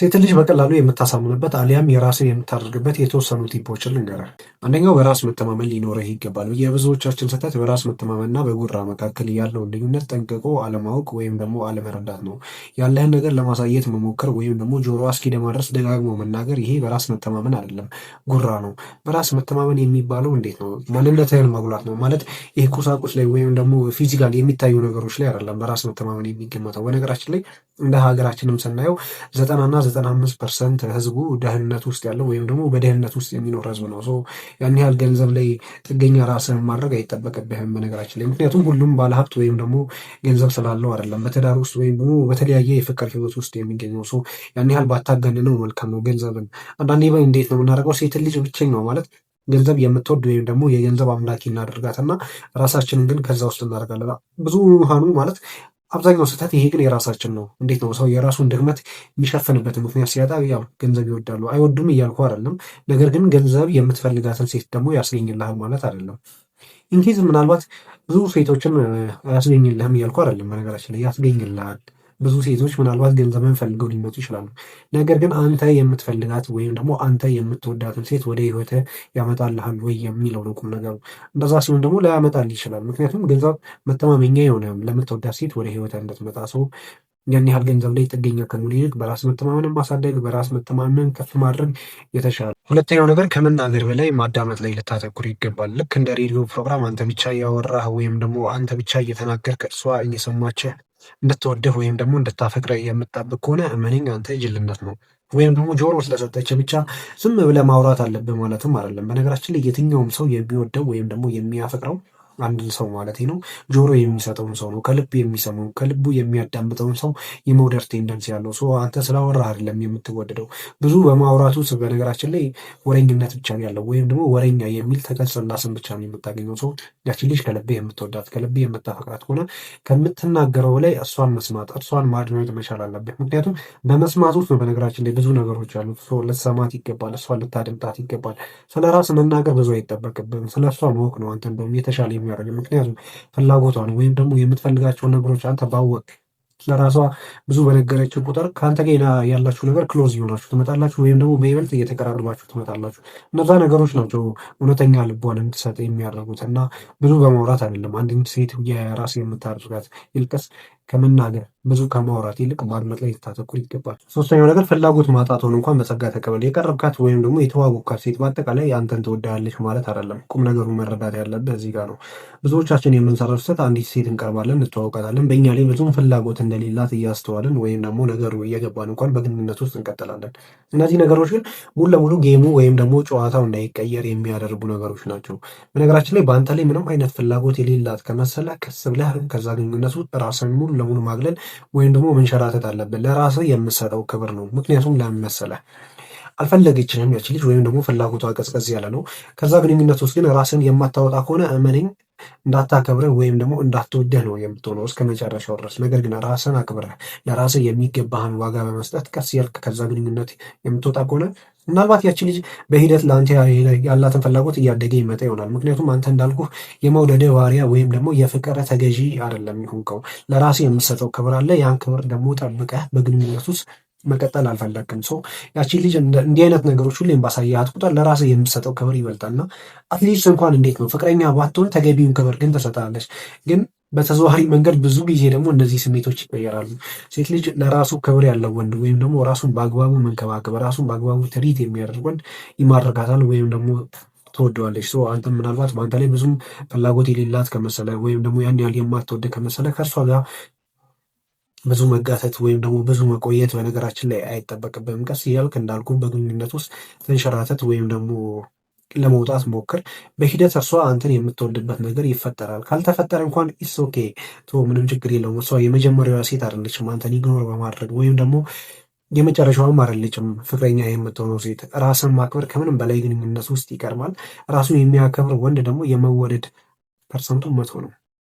ሴት ልጅ በቀላሉ የምታሳምንበት አሊያም የራስን የምታደርግበት የተወሰኑ ቲፖችን ልንገርህ። አንደኛው በራስ መተማመን ሊኖረህ ይገባል። የብዙዎቻችን ስህተት በራስ መተማመንና በጉራ መካከል ያለውን ልዩነት ጠንቅቆ አለማወቅ ወይም ደግሞ አለመረዳት ነው። ያለህን ነገር ለማሳየት መሞከር ወይም ደግሞ ጆሮ እስኪደማ ድረስ ደጋግሞ መናገር፣ ይሄ በራስ መተማመን አይደለም፣ ጉራ ነው። በራስ መተማመን የሚባለው እንዴት ነው? ማንነትህን መጉላት ነው ማለት ይህ ቁሳቁስ ላይ ወይም ደግሞ ፊዚካል የሚታዩ ነገሮች ላይ አይደለም በራስ መተማመን የሚገመተው። በነገራችን ላይ እንደ ሀገራችንም ስናየው ዘጠናና ዘጠና አምስት ፐርሰንት ህዝቡ ደህንነት ውስጥ ያለው ወይም ደግሞ በደህንነት ውስጥ የሚኖር ህዝብ ነው። ያን ያህል ገንዘብ ላይ ጥገኛ ራስህን ማድረግ አይጠበቅብህም በነገራችን ላይ ምክንያቱም ሁሉም ባለሀብት ወይም ደግሞ ገንዘብ ስላለው አይደለም። በትዳር ውስጥ ወይም ደግሞ በተለያየ የፍቅር ህይወት ውስጥ የሚገኘው ሰው ያን ያህል ባታገን ነው መልካም ነው። ገንዘብን አንዳንዴ እንዴት ነው የምናደርገው? ሴት ልጅ ብቸኝ ነው ማለት ገንዘብ የምትወድ ወይም ደግሞ የገንዘብ አምላኪ እናደርጋትና ራሳችንን ግን ከዛ ውስጥ እናደርጋለን። ብዙ ሀኑ ማለት አብዛኛው ስህተት ይሄ ግን የራሳችን ነው። እንዴት ነው ሰው የራሱን ድክመት የሚሸፍንበትን ምክንያት ሲያጣ ያው ገንዘብ ይወዳሉ። አይወዱም እያልኩ አይደለም። ነገር ግን ገንዘብ የምትፈልጋትን ሴት ደግሞ ያስገኝልሃል ማለት አይደለም። ኢንኬዝ ምናልባት ብዙ ሴቶችን አያስገኝልህም እያልኩ አይደለም። በነገራችን ላይ ያስገኝልሃል ብዙ ሴቶች ምናልባት ገንዘብን ፈልገው ሊመጡ ይችላሉ። ነገር ግን አንተ የምትፈልጋት ወይም ደግሞ አንተ የምትወዳትን ሴት ወደ ህይወተ ያመጣልሃል ወይ የሚለው ነው ቁም ነገሩ። እንደዛ ሲሆን ደግሞ ላያመጣል ይችላል። ምክንያቱም ገንዘብ መተማመኛ የሆነ ለምትወዳት ሴት ወደ ህይወተ እንድትመጣ ሰው ያን ያህል ገንዘብ ላይ ጥገኛ ከመሆን ይልቅ በራስ መተማመንን ማሳደግ፣ በራስ መተማመን ከፍ ማድረግ የተሻለ። ሁለተኛው ነገር ከመናገር በላይ ማዳመጥ ላይ ልታተኩር ይገባል። ልክ እንደ ሬዲዮ ፕሮግራም አንተ ብቻ እያወራህ ወይም ደግሞ አንተ ብቻ እየተናገርክ እርሷ እየሰማችህ እንድትወድህ ወይም ደግሞ እንድታፈቅረ የምትጠብቅ ከሆነ እመነኝ አንተ ጅልነት ነው። ወይም ደግሞ ጆሮ ስለሰጠች ብቻ ዝም ብለህ ማውራት አለብህ ማለትም አይደለም። በነገራችን ላይ የትኛውም ሰው የሚወደው ወይም ደግሞ የሚያፈቅረው አንድን ሰው ማለት ነው ጆሮ የሚሰጠውን ሰው ነው ከልብ የሚሰማው ከልቡ የሚያዳምጠውን ሰው የመውደድ ቴንደንስ ያለው ሰው አንተ ስላወራህ አይደለም የምትወደደው። ብዙ በማውራቱ በነገራችን ላይ ወረኝነት ብቻ ነው ያለው፣ ወይም ደግሞ ወረኛ የሚል ተቀጽላ ስም ብቻ ነው የምታገኘው። ሰው ያቺ ልጅ ከልብ የምትወዳት ከልብ የምታፈቅራት ከሆነ ከምትናገረው ላይ እሷን መስማት እሷን ማድመጥ መቻል አለበት። ምክንያቱም በመስማት ውስጥ በነገራችን ላይ ብዙ ነገሮች አሉ። ልትሰማት ይገባል፣ እሷን ልታደምጣት ይገባል። ስለ ራስ መናገር ብዙ አይጠበቅብም። ስለ እሷ ማወቅ ነው አንተ እንደውም የተሻለ የሚያደርግ ምክንያቱም ፍላጎቷን ወይም ደግሞ የምትፈልጋቸውን ነገሮች አንተ ባወቅ ለራሷ ብዙ በነገረችው ቁጥር ከአንተ ጋር ያላችሁ ነገር ክሎዝ ይሆናችሁ ትመጣላችሁ፣ ወይም ደግሞ በይበልጥ እየተቀራርባችሁ ትመጣላችሁ። እነዛ ነገሮች ናቸው እውነተኛ ልቧን እንድትሰጥ የሚያደርጉት እና ብዙ በማውራት አይደለም አንድ ሴት የራስ የምታደርጋት ይልቅስ ከመናገር ብዙ ከማውራት ይልቅ ማድመጥ ላይ ልታተኩር ይገባል። ሶስተኛው ነገር ፍላጎት ማጣት እንኳን በጸጋ ተቀበል። የቀረብካት ወይም ደግሞ የተዋወቅካት ሴት በአጠቃላይ አንተን ትወዳለች ማለት አይደለም። ቁም ነገሩ መረዳት ያለብህ እዚህ ጋር ነው። ብዙዎቻችን የምንሰራው ስህተት አንዲት ሴት እንቀርባለን፣ እንተዋወቃታለን፣ በእኛ ላይ ብዙም ፍላጎት እንደሌላት እያስተዋልን ወይም ደግሞ ነገሩ እየገባን እንኳን በግንኙነት ውስጥ እንቀጥላለን። እነዚህ ነገሮች ግን ሙሉ ለሙሉ ጌሙ ወይም ደግሞ ጨዋታው እንዳይቀየር የሚያደርጉ ነገሮች ናቸው። በነገራችን ላይ በአንተ ላይ ምንም አይነት ፍላጎት የሌላት ከመሰለ ክስ ብለህ ከዛ ግንኙነት ውስጥ ራስን ሙሉ ለሙሉ ማግለል ወይም ደግሞ መንሸራተት አለብን። ለራስህ የምሰጠው ክብር ነው። ምክንያቱም ለመሰለ አልፈለገችንም ያች ልጅ ወይም ደግሞ ፍላጎቷ ቀዝቀዝ ያለ ነው። ከዛ ግንኙነት ውስጥ ግን ራስን የማታወጣ ከሆነ እመነኝ እንዳታከብርህ ወይም ደግሞ እንዳትወደህ ነው የምትሆነው እስከ መጨረሻው ድረስ። ነገር ግን ራስን አክብረህ ለራስህ የሚገባህን ዋጋ በመስጠት ቀስ ያልክ ከዛ ግንኙነት የምትወጣ ከሆነ ምናልባት ያቺ ልጅ በሂደት ለአንተ ያላትን ፍላጎት እያደገ ይመጣ ይሆናል። ምክንያቱም አንተ እንዳልኩ የመውደደ ባሪያ ወይም ደግሞ የፍቅር ተገዢ አይደለም ይሁንከው። ለራስህ የምትሰጠው ክብር አለ። ያን ክብር ደግሞ ጠብቀህ በግንኙነት ውስጥ መቀጠል አልፈለግም። ሶ ያቺ ልጅ እንዲህ አይነት ነገሮች ሁሌም ባሳያት ቁጥር ለራስህ የምትሰጠው ክብር ይበልጣልና አትሊስት እንኳን እንዴት ነው ፍቅረኛ ባትሆን ተገቢውን ክብር ግን ትሰጣለች። ግን በተዘዋዋሪ መንገድ ብዙ ጊዜ ደግሞ እነዚህ ስሜቶች ይቀየራሉ። ሴት ልጅ ለራሱ ክብር ያለው ወንድ ወይም ደግሞ ራሱን በአግባቡ መንከባከብ፣ ራሱን በአግባቡ ትሪት የሚያደርግ ወንድ ይማርካታል ወይም ደግሞ ትወደዋለች። አንተም ምናልባት በአንተ ላይ ብዙም ፍላጎት የሌላት ከመሰለ ወይም ደግሞ ያን ያህል የማትወድ ከመሰለ ከእርሷ ጋር ብዙ መጋተት ወይም ደግሞ ብዙ መቆየት በነገራችን ላይ አይጠበቅብንም። ቀስ እያልክ እንዳልኩ በግንኙነት ውስጥ ትንሸራተት ወይም ደግሞ ለመውጣት ሞክር። በሂደት እርሷ አንተን የምትወልድበት ነገር ይፈጠራል። ካልተፈጠረ እንኳን ኢስ ኦኬ ቶ ምንም ችግር የለውም። እሷ የመጀመሪያዋ ሴት አይደለችም አንተን ኢግኖር በማድረግ ወይም ደግሞ የመጨረሻውም አይደለችም ፍቅረኛ የምትሆነው ሴት። ራስን ማክበር ከምንም በላይ ግንኙነት ውስጥ ይቀርማል። ራሱን የሚያከብር ወንድ ደግሞ የመወደድ ፐርሰንቱ መቶ ነው።